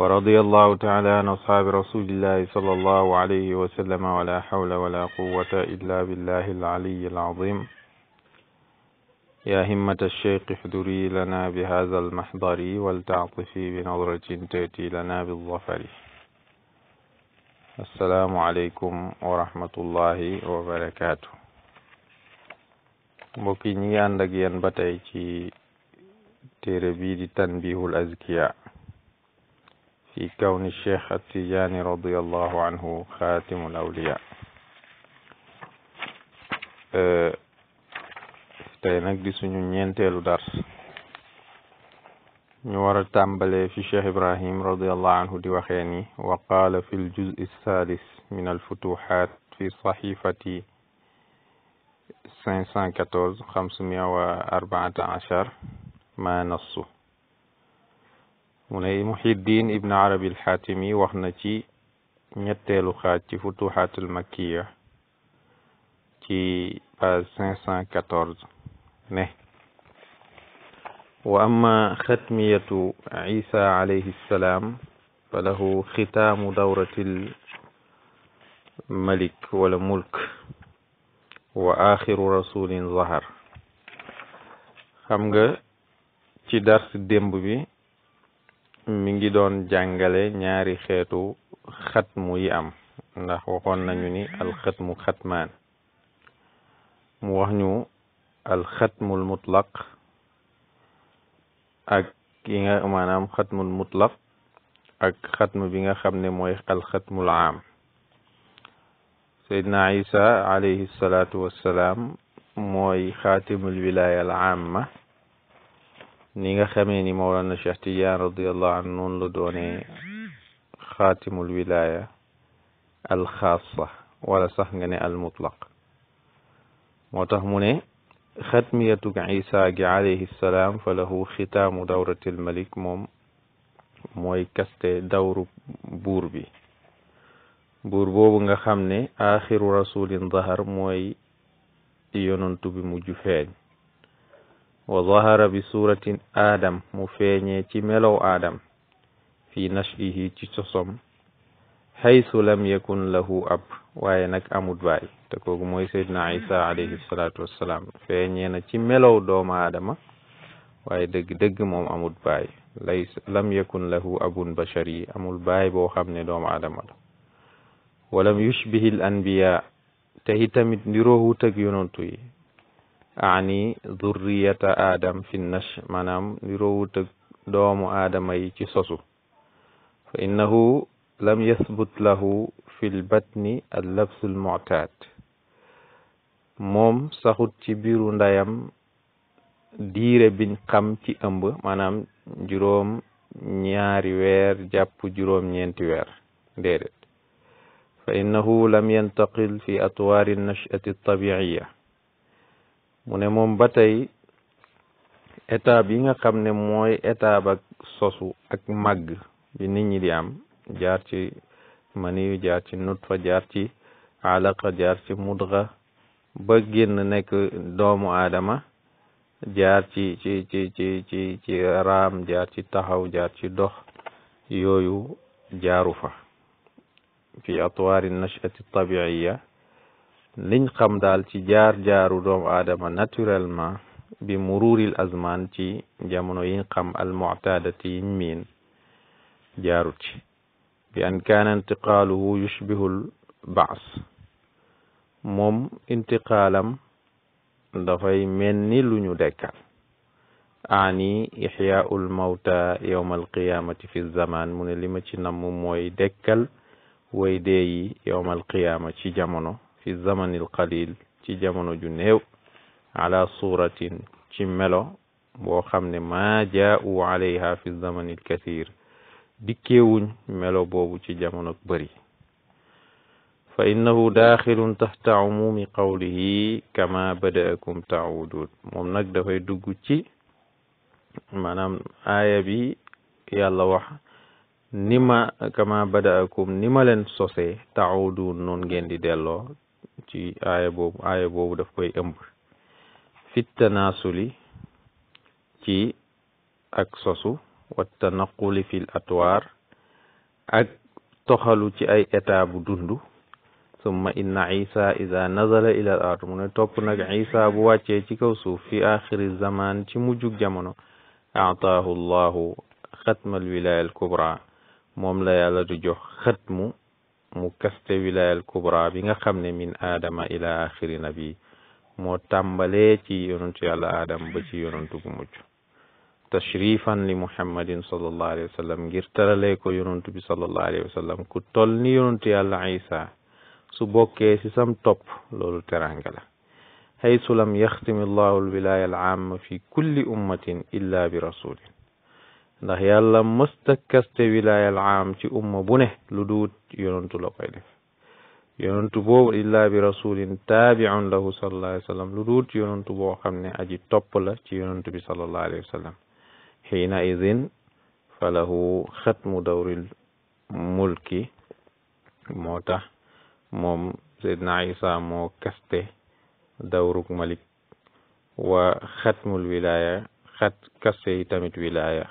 ورضي الله تعالى عن أصحاب رسول الله صلى الله عليه وسلم ولا حول ولا قوة إلا بالله العلي العظيم يا همة الشيخ احضري لنا بهذا المحضر ولتعطفي بنظرة تأتي لنا بالظفر السلام عليكم ورحمة الله وبركاته بكيني ñi ànd تربيد تنبيه الأزكياء في كون الشيخ التيجاني رضي الله عنه خاتم الأولياء أه، تينك دي سنو نينتيلو درس نوار تامبلي في الشيخ إبراهيم رضي الله عنه دي وخيني وقال في الجزء الثالث من الفتوحات في صحيفة 514 514 ما نصه مولاي محي الدين ابن عربي الحاتمي واخنا تي نيتلو خات تي فتوحات المكيه في باز 514 نه واما ختميه عيسى عليه السلام فله ختام دوره الملك والملك واخر رسول ظهر خمغا تي الدين ديمبي mi ngi doon jàngale ñaari xeetu xatmu yi am ndax waxoon nañu ni alxatmu xatmaan mu wax ñu alxatmul mutlaq ak yi nga maanaam xatmul mutlaq ak xatm bi nga xam ne mooy alxatmul aam sayidna isa alayhi salaatu wassalaam mooy xaatimul wilaya al aama نيغا خميني مولانا شهتيان رضي الله عنه لدوني خاتم الولاية الخاصة ولا صحنغني المطلق وتهمني ختمية عيسى عليه السلام فله ختام دورة الملك موم موي كست دور بوربي بوربو بنغا خمني آخر رسول ظهر موي يونن تبي wa zahara bi suratin aadam mu feeñee ci melow aadam fi nashihi ci sosom haysu lam yakun lahu ab waaye nag amut baay te kooku mooy seydina isa alayhi na ci melow doomu aadama waaye dëgg dëgg moom amut baay lay lam yakun lahu abun bashari amul baay boo xam ne doomu aadama la walam yushbihi al anbiya te ndiroo wutag yonontu أعني ذرية آدم في النش منام لروت دوم آدم أي تسوسو فإنه لم يثبت له في البطن اللبس المعتاد موم ساخوت تبيرو ندايم دير بن قم تي أمب منام جروم نياري وير جاب جروم نينتي وير ديرت فإنه لم ينتقل في أطوار النشأة الطبيعية mu ne moom ba tey étape yi nga xam ne mooy étape ak sosu ak màgg bi nit ñi di am jaar ci maniyu jaar ci nutfa jaar ci alaqa jaar ci mudga ba génn nekk doomu aadama jaar ci ci ci ci ci ci raam jaar ci taxaw jaar ci dox yooyu jaaru fa fi atwaari nashati tabiiya لين خم دال تي جار جارو دوم آدم ناتورال ما بمرور الأزمان تي جامنو ين خم المعتادة تي مين جارو تي بأن كان انتقاله يشبه البعث موم انتقالم دفاي مني لنو دكا آني إحياء الموتى يوم القيامة في الزمان من لما تنمو موي دكال ويدي يوم القيامة تي جامنو fi zamanil qalil ci jamono ju néew ala suuratin ci melo boo xam ne maa jaau alayha fi zamanil kathir dikkeewuñ melo boobu ci jamono bëri fa innahu daaxilun taxta umumi qawlihi kama badaakum taawudun moom nag dafay dugg ci maanaam aaya bi yàlla wax ni kama badaakum ni ma leen sosee taawudun noon ngeen di delloo ci aaya boobu aaya boobu daf koy ëmb fit tanaasuli ci ak sosu wa tanaquli fil atwaar ak toxalu ci ay état bu dund summa inna isa ida nazala ila al ard mu ne topp nag isa bu wàccee ci kaw suuf fi axiri zaman ci mujjug jamono aataahu llahu xatma alwilaya al kubra moom la yàlla du jox xatmu مكستي ولاية الكبرى بيغا خمني من آدم إلى آخر نبي مو تنبالي على آدم بشي يونتو مجو تشريفا لمحمد صلى الله عليه وسلم غيرتر ليكو يونتو بي صلى الله عليه وسلم كتولني يونتي على عيسى سو بوكي سيسم توب لولو ترانجلا حيث لم يختم الله الولاية العامة في كل أمة إلا برسوله ndax yàlla mësta kaste wilaayal aam ci umma bu ne lu duut yonantu la koy def yonantu illaa bi rasulin taabiun lahu sallallahu alayhi wa sallam lu duut yonantu boo xam ne aji topp la ci yonantu bi sallallahu alayhi xiina idin fa lahu xatmu dawril mulki moo tax moom Seydina Isa moo kaste dawruk malik wa xatmul wilaya kaste yi tamit wilaya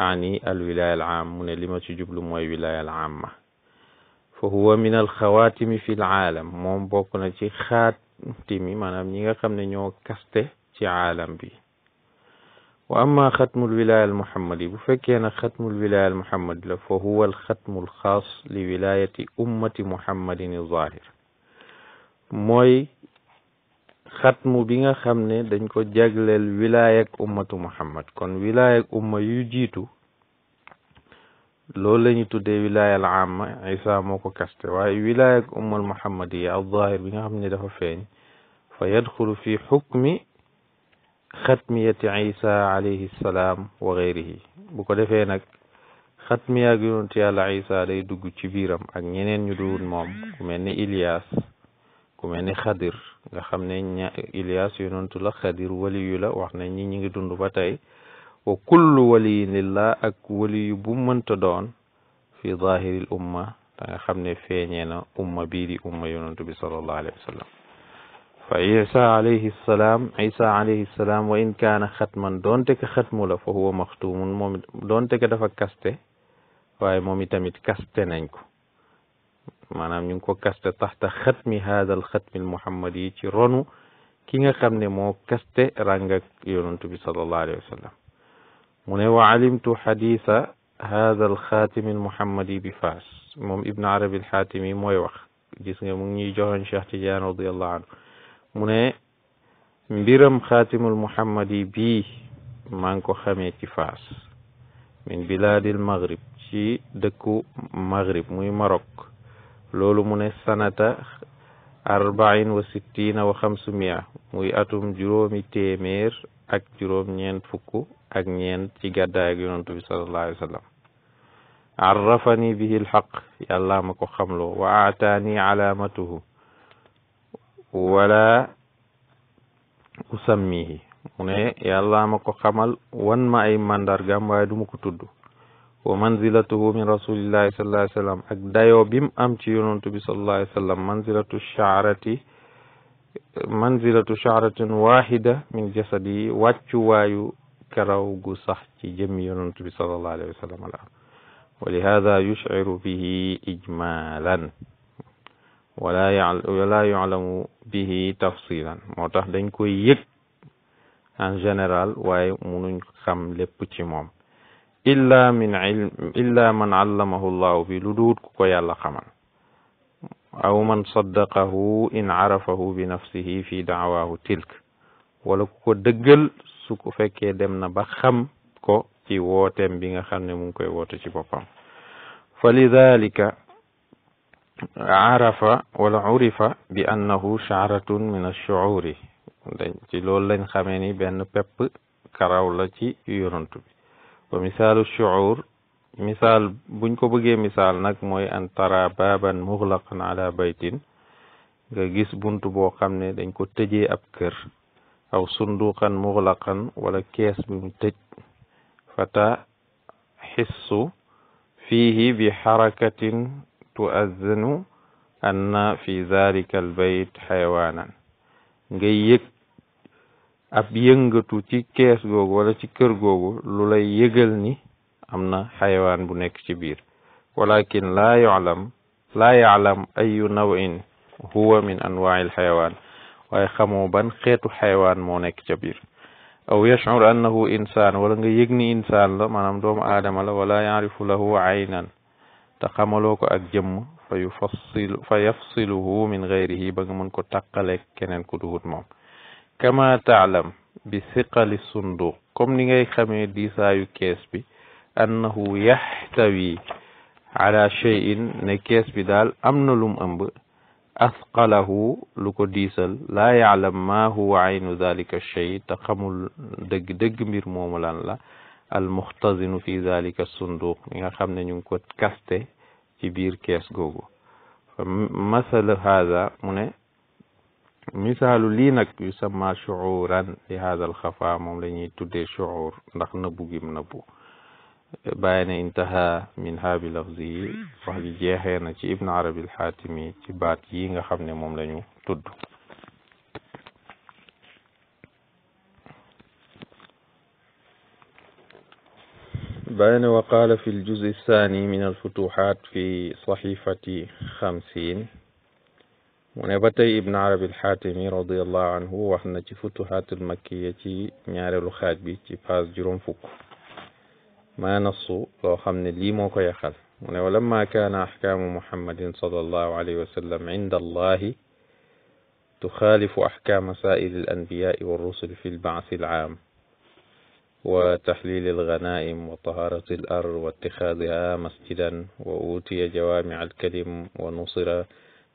أعني الولاية العامة من تجيب له موي الولاية العامة فهو من الخواتم في العالم موم بوكنا تي خاتمي مانام نيغا خامن نيو كاستي تي عالم بي وأما ختم الولاية المحمدي بفكينا ختم الولاية المحمد فهو الختم الخاص لولاية أمة محمد الظاهر موي xatmu bi nga xam ne dañ ko jagleel wilaayak ummatu muhammad kon wilaayak umma yu jiitu loolu la ñu tuddee wilaayal amma isa moo ko kaste waaye wilaayak al zahir bi nga xam ne dafa feeñ fa yadxulu fi xukmi xatmiyati isa wa gayrihi bu ko defee nag xatmiyaag yonent yàlla isa day dugg ci biiram ak ñeneen ñu duwul moom ku mel ni Ilias ku khadir ni xadir nga xam Ilias yonantu la khadir waliyu la wax na ñi ñi ngi dund ba tey wa kullu waliyin lillah ak waliyu bu mënta doon fi zahiril umma da nga xam ne umma bii di umma yonantu bi sallallahu alayhi wa sallam fa isa alayhi salam isa alayhi salam wa in kana khatman donte ka khatmu la fa huwa maxtumun moom doonte ka dafa kaste waaye momi tamit kaste nañ ko manam ñu ko kaste taxta hada al khatmi al muhammadi ci ronu ki nga xamné mo kaste ràng ak yaronte bi sallallahu alayhi wasallam muné wa alimtu haditha hada al khatim al muhammadi bi fas mom ibn arabi hatimi moy wax gis nga mu ngi joxon cheikh tidiane radiyallahu anhu muné mbiram khatim al muhammadi bi man ko xamé ci fas min bilaadil maghrib ci dëkku maghrib muy Maroc loolu mu ne sanata arbain wa sittina wa muy atum juróomi téeméer ak juróom ñeent fukk ak ñeent ci gàddaay ak yonantu bi sallallahu alayhi wa bihi lxaq yàllaa ko xamloo wa aataani alaamatuhu wala usammihi mu ne yàllaa xamal wan ma ay mandargam waaye du ma ko tudd ومنزلته من رسول الله صلى الله عليه وسلم اكدايو بيم امتي يونت بي صلى الله عليه وسلم منزله الشعره منزله شعره واحده من جسدي واتشو وايو كراو غو صح تي جيم يونت صلى الله عليه وسلم ولهذا يشعر به اجمالا ولا ولا يعلم به تفصيلا موتاخ دنجكو ييك ان جينيرال واي مونوني خام ليب تي موم إلا من علم إلا من علمه الله في لدود كويا خمان أو من صدقه إن عرفه بنفسه في دعواه تلك ولو كو دجل سكو فكي دمنا بخم كو في واتم بيغا خمني مون كوي ووتو سي بوبام فلذلك عرف ولا عرف بأنه شعرة من الشعور سي لول لا بأنه بن بيب كراو لا سي يورنتو ومثال الشعور مثال بنكو كو بغي مثال نك موي ان ترى بابا مغلقا على بيت جيس غيس بونتو بو خامني دنجكو تجي أبكر او صندوقا مغلقا ولا كيس بيم تج فتا حس فيه بحركة تؤذن أن في ذلك البيت حيوانا جيك ab yëngatu ci kees googu wala ci kër googu lu lay yëgal ni am na xayawaan bu nekk ci biir walakin laa yulam laa yaalam ayu nawin huwa min anwail xayawaan waaye xamoo ban xeetu xayawaan moo nekk ca biir aw yashcur annahu insaan wala nga yëg ni insaan la maanaam doomu aadama la wala yarifu lahu aynan te xamaloo ko ak jëmm fa yufassil fa yafsiluhu min gayrihi ba nga mën ko tàqaleeg keneen ku duhut moom كما تعلم بثقل الصندوق كم نيجي خمي دي سايو كيس بي أنه يحتوي على شيء نكيس بدال أمن لوم أمب أثقله لكو ديسل لا يعلم ما هو عين ذلك الشيء تقمل دق دق مير موملان لا المختزن في ذلك الصندوق نيجا خمنا نيجي كاستي في كيس جوجو فمثل هذا منه مثال لي نك يسمى شعورا لهذا الخفاء موم لا ني شعور ناخ نبو غي نبو باين انتهى من هابي لفظي فهل جيهنا ابن عربي الحاتمي سي بات ييغا خامني موم لا باين وقال في الجزء الثاني من الفتوحات في صحيفه خمسين ونبتي ابن عربي الحاتمي رضي الله عنه وحنا في فتوحات المكية في نيارلو الخاج بي في فاز جرون فوق ما نصو لو خمن لي موكو يخل ولما كان أحكام محمد صلى الله عليه وسلم عند الله تخالف أحكام سائر الأنبياء والرسل في البعث العام وتحليل الغنائم وطهارة الأرض واتخاذها مسجدا وأوتي جوامع الكلم ونصر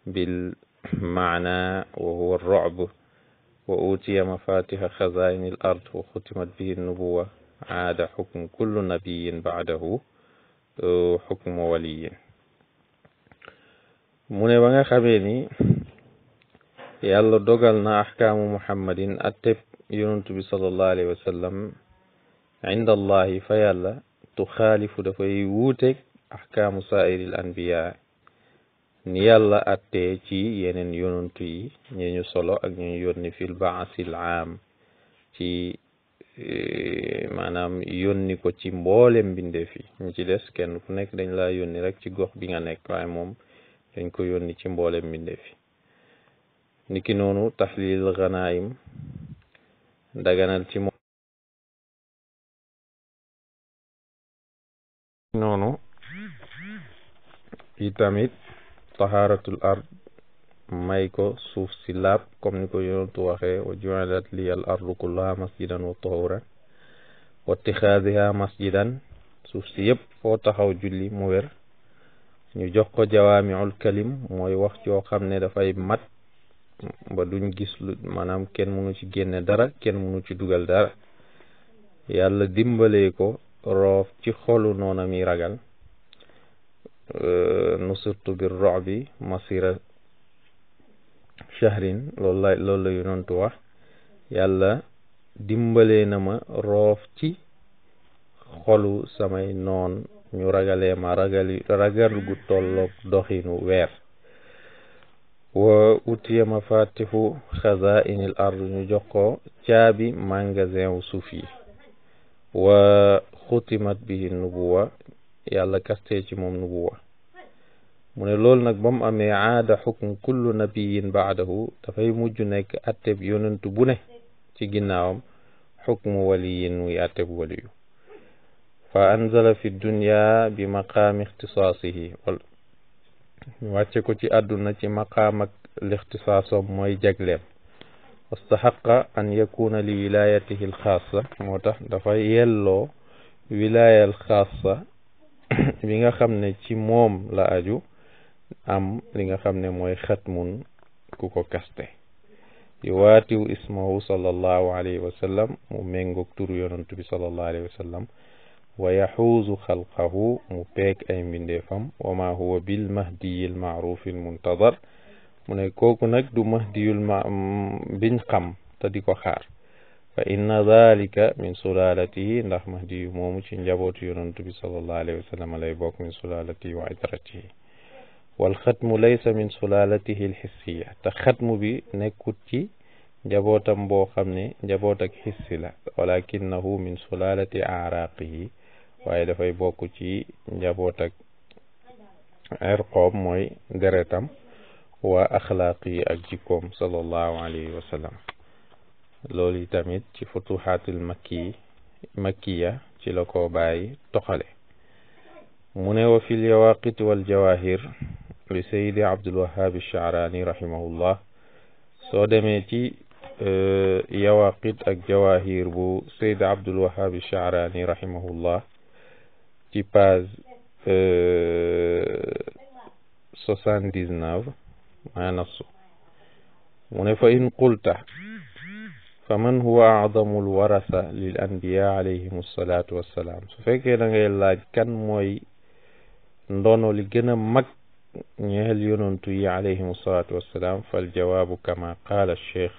بال معنى وهو الرعب وأوتي مفاتيح خزائن الأرض وختمت به النبوة عاد حكم كل نبي بعده حكم ولي من بغا خبيني يلا دوغلنا أحكام محمد أتب يونت بصلى الله عليه وسلم عند الله فيلا تخالف دفعي ووتك أحكام سائر الأنبياء ni yàlla attee ci yeneen yonantu yi ñi ñu solo ak ñu ñu yónni fil baasil aam ci e, maanaam yónni ko ci mboolem mbindeef yi ñu ci des kenn ku nekk dañ laa yónni rek ci gox bi nga nekk waaye moom dañ ko yónni ci mboolem mbindeef yi niki noonu taxlil ganaayim daganal ci noonu itamit tahaaratul ard may ko suuf si laab comme ni ko yonentu waxee wa juilat li al ardu kullaha masjidan wa tahuran wa itixaadiha masjidan suuf si yëpp foo taxaw julli mu wér ñu jox ko jawaamiul kalim mooy wax joo xam ne dafay mat ba duñ gis lu maanaam kenn mënu ci génne dara kenn mënu ci dugal dara yàlla dimbale ko roof ci xolu noona mi ragal nusirtu bir bi masira shahrin loolu la loolu wax yàlla dimbale na ma roof ci xolu samay noon ñu ragale ma ragali ragal gu tolloog doxinu weer wa utiya mafatihu xazainil ard ñu jox ko caabi magasin wu suuf yi wa xutimat bi nubuwa yàlla kaste ci moom nubuwa mu ne loolu nag ba mu amee aada xukm kullu nabiyin baadahu dafay mujj nekk atteb yonentu bu ne ci ginnaawam xukmu waliyin muy atteb waliyu fa anzala fi dunya bi maqaami ixtisaasihi wal wàcce ko ci àdduna ci maqaam ak lixtisaasom mooy jagleem wastaxaqa an yakuna li wilayatihi alxaasa moo tax dafay yelloo wilaaya alxaasa bi nga xamne ci mom la aju am li nga xamne moy mooy xatmun ku ko kaste yuwaatiw ismuhu sallallahu alayhi wa sallam mu mengo turu yonantu bi sallallahu alayhi wa sallam wa yahuzu khalqahu mu pek ay mbindeefam wa ma huwa bil mahdi al ma'ruf al almuntadar mu ne koku nak du mahdiyul ma biñ xam ta diko xaar فإن ذلك من سلالته نح مهدي مومش جابوت يننتبي صلى الله عليه وسلم لا يبوك من سلالته وعترته والختم ليس من سلالته الحسية تختم بي نكوتي جابوتا مبو خمني جابوتا كحسلة ولكنه من سلالة أعراقه وإذا فيبوكوتي جابوتا عرقوم موي غرتم وأخلاقي أجيكم صلى الله عليه وسلم loolu tamit ci futuxaatul makki makkiya ci la ko bàyyi toxale mu ne wa fil yawaqit wal jawahir li sayidi abdulwahab shaarani rahimahullah soo demee ci yawaqit ak jawahir bu sayid abdulwahab shaarani rahimahullah ci page soixante-dix-neuf maa nasu mu ne fa in qulta فمن هو أعظم الورثة للأنبياء عليهم الصلاة والسلام سفكر أن الله كان موي ندونو لجنة مك نهل ينونتوي عليهم الصلاة والسلام فالجواب كما قال الشيخ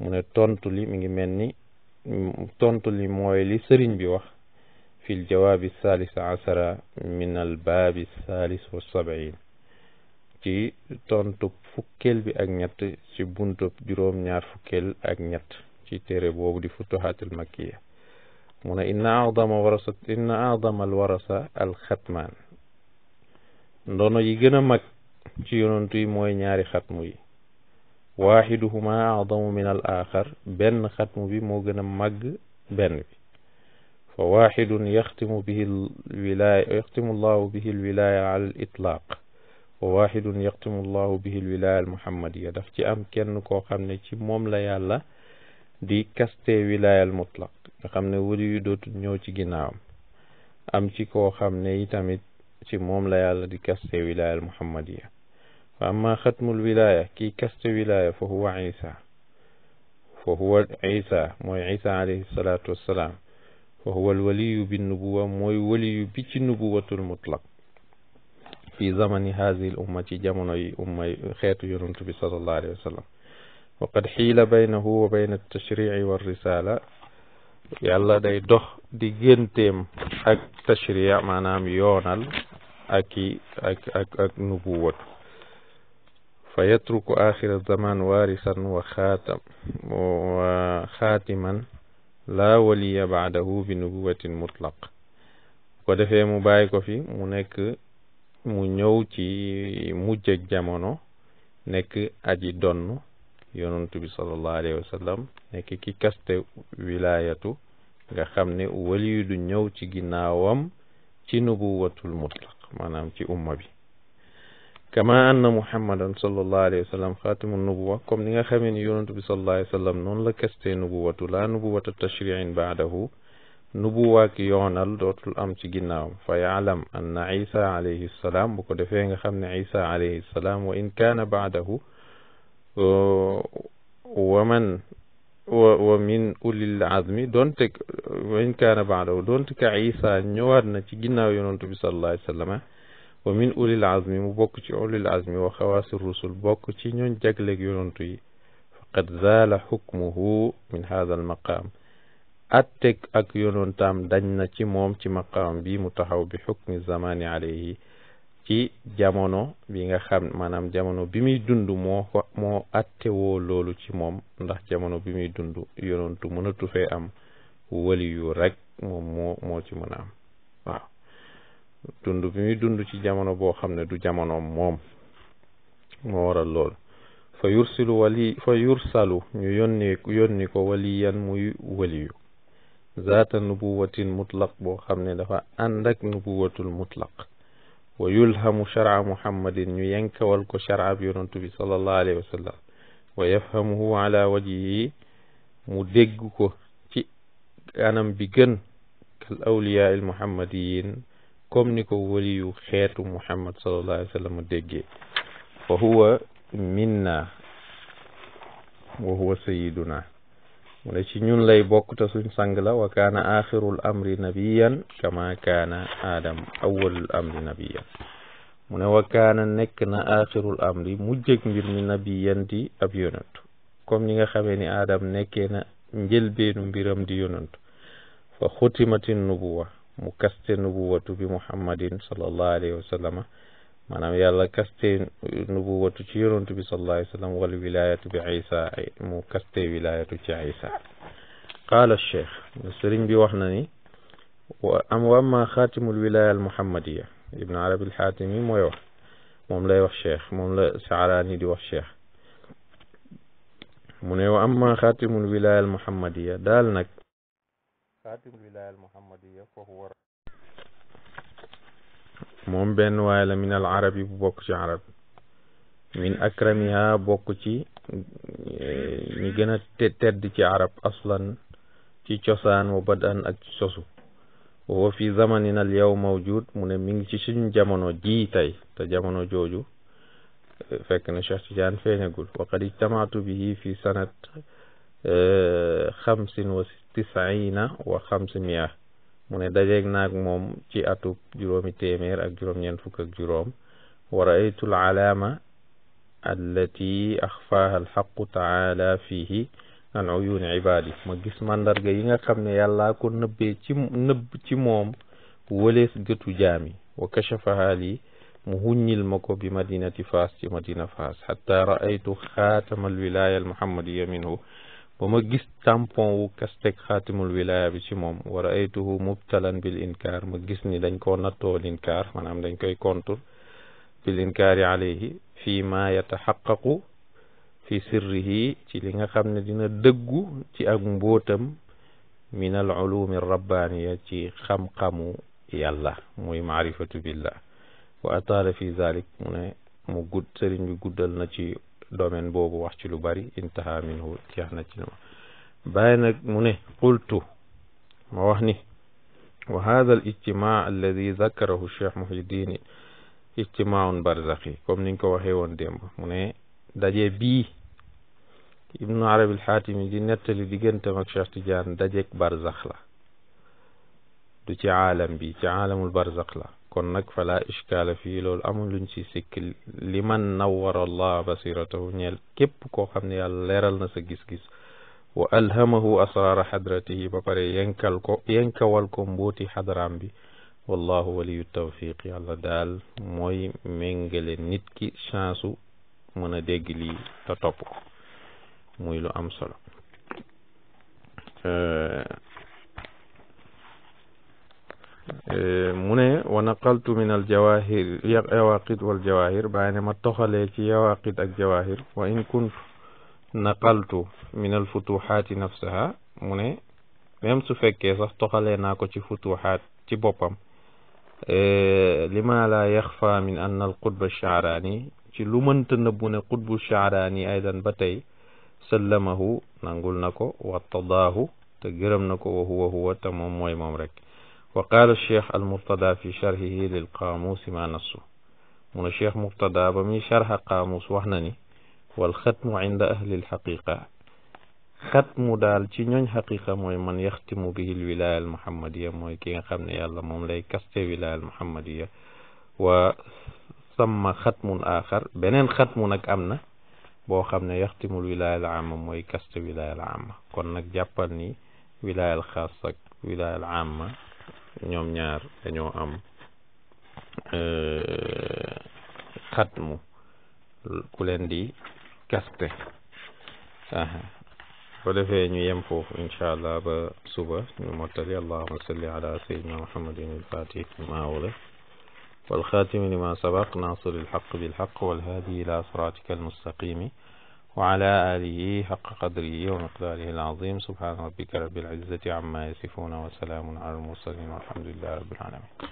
من التونتو لي مني مني التونتو لي موي لي سرين بيوخ في الجواب الثالث عشر من الباب الثالث والسبعين ci tontu fukel bi ak ñett ci buntu juróom ñaar fukel ak ñett ci téré bobu di futuhatul makkiya muna inna adama warasat inna adama al warasa al xatmaan ndono yi gëna mag ci yonentu yi moy ñaari khatmu yi wahiduhuma a'dama min al akhar ben khatmu bi mo gëna mag ben bi فواحد يختم به الولاية يختم الله به الولاية على الإطلاق وواحد يقتم الله به الولاية المحمدية داف ام كين كو خامني تي موم لا يالا دي كاستي ولايه المطلق دا خامني ولي يو دوت ام تي كو خامني تاميت تي موم لا يالا دي كاستي ولايه المحمديه فاما ختم الولايه كي كاستي ولايه فهو عيسى فهو عيسى مو عيسى عليه الصلاه والسلام فهو الولي بالنبوه مو ولي بيتي نبوه المطلق في زمن هذه الأمة جمن أمة خير يرون النبي صلى الله عليه وسلم وقد حيل بينه وبين التشريع والرسالة يلا داي دوخ دي جنتم اك تشريع مانام يونال اكي اك اك, أك نبوة فيترك آخر الزمان وارثا وخاتم وخاتما لا ولي بعده بنبوة مطلق ودفع مبايك في منك mu ñëw ci mujjé jamono nek aji donn yonantu bi sallallahu alayhi wa sallam nekk ki kaste wilayatu nga xamné waliyu du ñëw ci ginaawam ci nubuwatul mutlaq manam ci umma bi kama anna muhammadan sallallahu alayhi wa sallam xaatimu nubuwa comme ni nga xamee ni yonantu bi sallallahu alayhi wa sallam noonu la kaste nubuwatu la nubuwata tashriin ba'dahu نبوة يونال الدوت الأم تجناو فيعلم أن عيسى عليه السلام وقد فين خمن عيسى عليه السلام وإن كان بعده ومن ومن أولي العزم دونتك وإن كان بعده دونتك عيسى نوار نتجنا ينونت بس الله صلى الله عليه وسلم ومن أولي العزم مبوك أولي العزم وخواص الرسل بوك تي نون جاك فقد زال حكمه من هذا المقام attek ak yonontaam dañ na ci moom ci maqaam bi mu taxaw bi xukmi zamani alayhi ci jamono bi nga xam maanaam jamono bi muy dund moo ko moo attewoo loolu ci moom ndax jamono bi muy dund yonontu mënatu fee am wali rek moom moo ci mën a am waaw dund bi muy dund ci jamono boo xam ne du jamono moom moo waral loolu fa yursilu wali yursalu ñu yónni yónni ko waliyan muy waliyu ذات النبوة المطلق بو خامني دا فا اندك نبوة المطلق ويلهم شرع محمد ينك والكو شرع بيونتو بي صلى الله عليه وسلم ويفهمه على وجهه مدقكو في انام بيغن كالاولياء المحمديين كم نكو ولي خير محمد صلى الله عليه وسلم مدقي وهو منا وهو سيدنا mu ne ci ñun lay bokk te suñ sang la wa kaana axirul amri nabiyan kama kaana aadam awalul amri nabiyan mu ne wa kaana nekk na axirul amri mujjëg mbir mi nabiyan di ab yonantu comme ni nga xamee ni aadam nekkee na njëlbeenu mbiram di yonantu fa xutimati nubuwa mu kaste nubuwatu bi muhammadin allah alayhi wa sallama manam yàlla kaste nubuwatu ci yonantu bi sallallahu alayhi wasallam wal wilayatu bi isa mu kaste wilayatu ci isa qala qaala sheikh serigne bi waxna ni wa am wa amma xaatimul wilaya al muhammadiyya ibn arab al hatimi moy wax mom lay wax sheikh mom la sa'arani di wax cheikh mu ne wa amma xaatimul wilaya al muhammadiya daal nag xaatimul wilaya al muhammadiyya fa huwa moom benn waaye la min al arabi bu bokk ci arab min akramiha bokk ci ñi gën a tedd ci arab aslan ci cosaan wa badan ak ci sosu wa huwa fi zamanina al yow mawjud mu ne mi ngi ci suñu jamono jii tey te jamono jooju fekk na Cheikh Tidiane feeñagul wa qad ijtamaatu bihi fi sanat xamsin wa tisaina wa xamsi miya mune ne dajeeg naag moom ci atou juromi temer ak jurom ñen fuk ak jurom wa ra'aytu al-alaama allati axfaaha alxaqu taala fihi an uyun ibadi ma gis mandarga yi nga xamne yalla ko nëbbee ci neub ci mom wëlees gëtu jami wa kashafaha li muhunnil mako bi madinati fas ci madina fas hatta ra'aytu xaatama alwilaaya almuhammadiya minhu ba ma gis tampon wu kasteg xaatimul wilaya bi ci moom wa raaytuhu mubtalan bil inkaar ma gis ni dañ koo nattoo linkaar maanaam dañ koy kontur bil inkaari alayhi fii ma yataxaqaqu fi sirrihi ci li nga xam ne dina dëggu ci ak mbóotam min al ulumi rabbaaniya ci xam-xamu yàlla muy maarifatu billah wa ataala fi zalik mu ne mu bi guddal na ci دومين بوبو واخ لو باري انتهى منه تيخنا سي نما باي موني قلت ما واخني وهذا الاجتماع الذي ذكره الشيخ محي الدين اجتماع برزخي كوم نينكو واخي وون ديمب موني داجي بي ابن عربي الحاتم دي نتالي ديغنتم اك شيخ تجان داجيك برزخ لا دو تي عالم بي تي عالم البرزخ لا kon nak fala ishkaala fi lol amul luñ ci sik li man nawara allah basiratahu ñel kep ko xam yàlla leral na sa gis-gis wa alhamahu asrar hadratihi ba pare yenkal ko yenkawal ko mboti hadram bi wallahu waliyu tawfiq yàlla dal moy méngale nit ki chance meuna deg li ta top ko muy lu am solo آه، مني ونقلت من الجواهر يواقد والجواهر بعين ما اتخلت يواقد الجواهر وإن كنت نقلت من الفتوحات نفسها مني ميم سفكي تخلى ناكو كتي فتوحات تي بوبام آه، لما لا يخفى من أن القطب الشعراني تي لمن تنبون القطب الشعراني أيضا بتي سلمه نقول نكو وطداه تجرم نكو وهو هو تمام ويمام رك وقال الشيخ المرتضى في شرحه للقاموس ما نصه من الشيخ مرتضى بمي شرح قاموس وحنني والختم عند أهل الحقيقة ختم دال تنين حقيقة موي من يختم به الولاية المحمدية موي كي نخمنا يا الله مملي كستي الولاية المحمدية وثم ختم آخر بنين ختم نك أمنا بو خمنا يختم الولاية العامة موي كستي الولاية العامة كونك جابلني ولاية الخاصة ولاية العامة ñom ñaar dañoo am euh khatmu ku len di kaste ko defé ñu yem fofu inshallah ba suba ñu motali allahumma salli ala sayyidina muhammadin al-fatih ma wala والخاتم لما سبق ناصر الحق بالحق والهادي إلى صراطك المستقيم وعلى آله حق قدره ومقداره العظيم سبحان ربك رب العزة عما يصفون وسلام على المرسلين والحمد لله رب العالمين